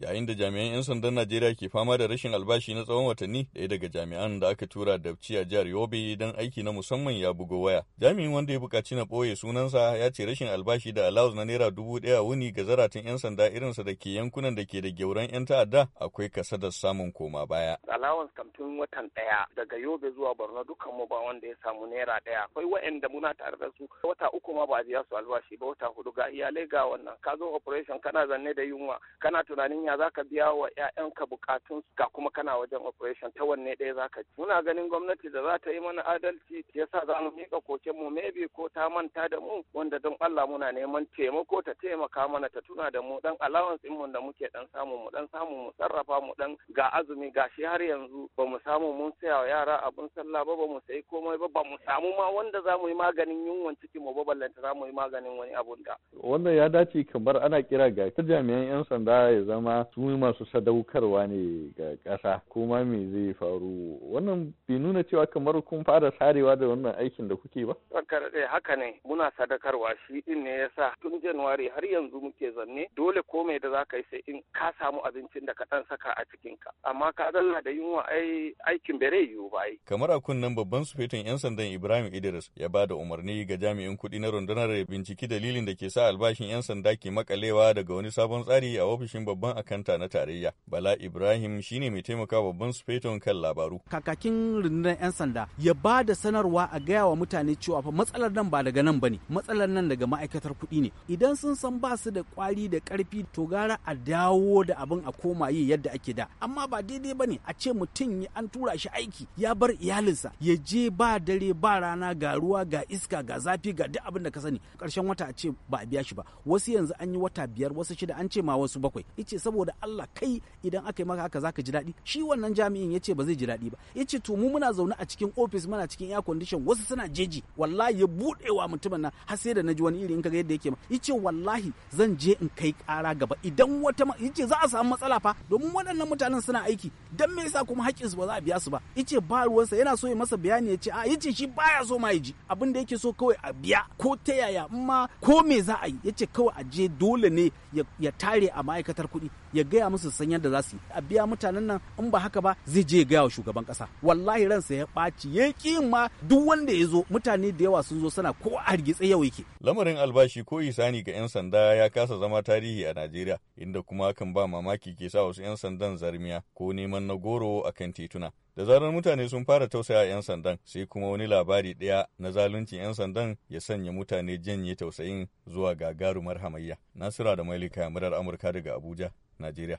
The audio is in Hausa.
yayin da jami'an 'yan sandan Najeriya ke fama da rashin albashi na tsawon watanni ɗaya daga jami'an da aka tura dabci a jihar Yobe don aiki na musamman ya bugo waya. Jami'in wanda ya bukaci na ɓoye sunansa ya ce rashin albashi da allowance na naira dubu ɗaya wuni ga zaratun 'yan sanda irinsa da ke yankunan da ke da gyauran 'yan ta'adda akwai kasadar samun koma baya. Allowance kam tun watan ɗaya daga Yobe zuwa Borno dukkan mu ba wanda ya samu naira ɗaya. Akwai wa'anda muna tare da su wata uku ma ba a biya su albashi ba wata hudu ga iyalai ga wannan ka zo operation kana zanne da yunwa kana tunanin za ka biya wa 'ya'yanka bukatun ga kuma kana wajen operation ta wanne ɗaya ka ci muna ganin gwamnati da za ta yi mana adalci ya sa za mu miƙa koken mu maybe ko ta manta da mu wanda don Allah muna neman taimako ta taimaka mana ta tuna da mu dan allowance din mu da muke dan samu mu dan samu mu sarrafa mu dan ga azumi gashi har yanzu ba mu samu mun saya wa yara abun sallah ba ba mu sayi komai ba ba mu samu ma wanda za mu yi maganin yunwan ciki. mu ba ballanta za mu yi maganin wani abun da wannan ya dace kamar ana kira ga ta jami'an yan sanda ya zama su masu sadaukarwa ne ga ƙasa kuma me zai faru wannan bai nuna cewa kamar kun fara sarewa da wannan aikin da kuke ba ɗaya haka ne muna sadakarwa shi din ne yasa tun januwari har yanzu muke zanne dole komai da za ka yi sai in ka samu abincin da ka ɗan saka a cikin ka amma ka zalla da yunwa ai aikin rai yiwu ba ai kamar a kunnen babban sufetin yan sandan Ibrahim Idris ya ba da umarni ga jami'in kuɗi na rundunar binciki dalilin da ke sa albashin yan sanda ke makalewa daga wani sabon tsari a ofishin babban akai. akanta na tarayya. Bala Ibrahim shine mai taimaka babban sufeton kan labaru. Kakakin rundunar 'yan sanda ya ba da sanarwa a gaya wa mutane cewa fa matsalar nan ba daga nan bane, matsalar nan daga ma'aikatar kuɗi ne. Idan sun san ba su da kwari da karfi to gara a dawo da abin a koma yi yadda ake da. Amma ba daidai bane a ce mutum an tura shi aiki ya bar iyalinsa ya je ba dare ba rana ga ruwa ga iska ga zafi ga duk abin da ka sani. Ƙarshen wata a ce ba a biya shi ba. Wasu yanzu an yi wata biyar wasu shida an ce ma wasu bakwai. Ice saboda saboda Allah kai idan aka yi maka haka zaka ji daɗi shi wannan jami'in yace ba zai ji daɗi ba yace to mu muna zaune a cikin office muna cikin air condition wasu suna jeji wallahi ya budewa mutumin nan har sai da naji wani iri in kaga yadda yake ma yace wallahi zan je in kai kara gaba idan wata yace za a samu matsala fa domin waɗannan mutanen suna aiki dan me yasa kuma haƙƙinsu ba za a biya su ba yace ba ruwansa yana so ya masa bayani yace a yace shi baya so ma ya ji abin da yake so kawai a biya ko ta yaya in ko me za a yi yace kawai a je dole ne ya tare a ma'aikatar kuɗi ya gaya musu san yadda za su yi a biya mutanen nan in ba haka ba zai je ya gaya wa shugaban kasa wallahi ransa ya ɓaci ya ƙi ma duk wanda ya zo mutane da yawa sun zo suna ko a hargitse yau yake lamarin albashi ko isani ga 'yan sanda ya kasa zama tarihi a najeriya inda kuma hakan ba mamaki ke sa wasu 'yan sandan zarmiya ko neman na goro a kan tituna da zarar mutane sun fara tausaya 'yan sandan sai kuma wani labari ɗaya na zaluncin 'yan sandan ya sanya mutane janye tausayin zuwa gagarumar hamayya nasira da mailika murar amurka daga abuja Nadire.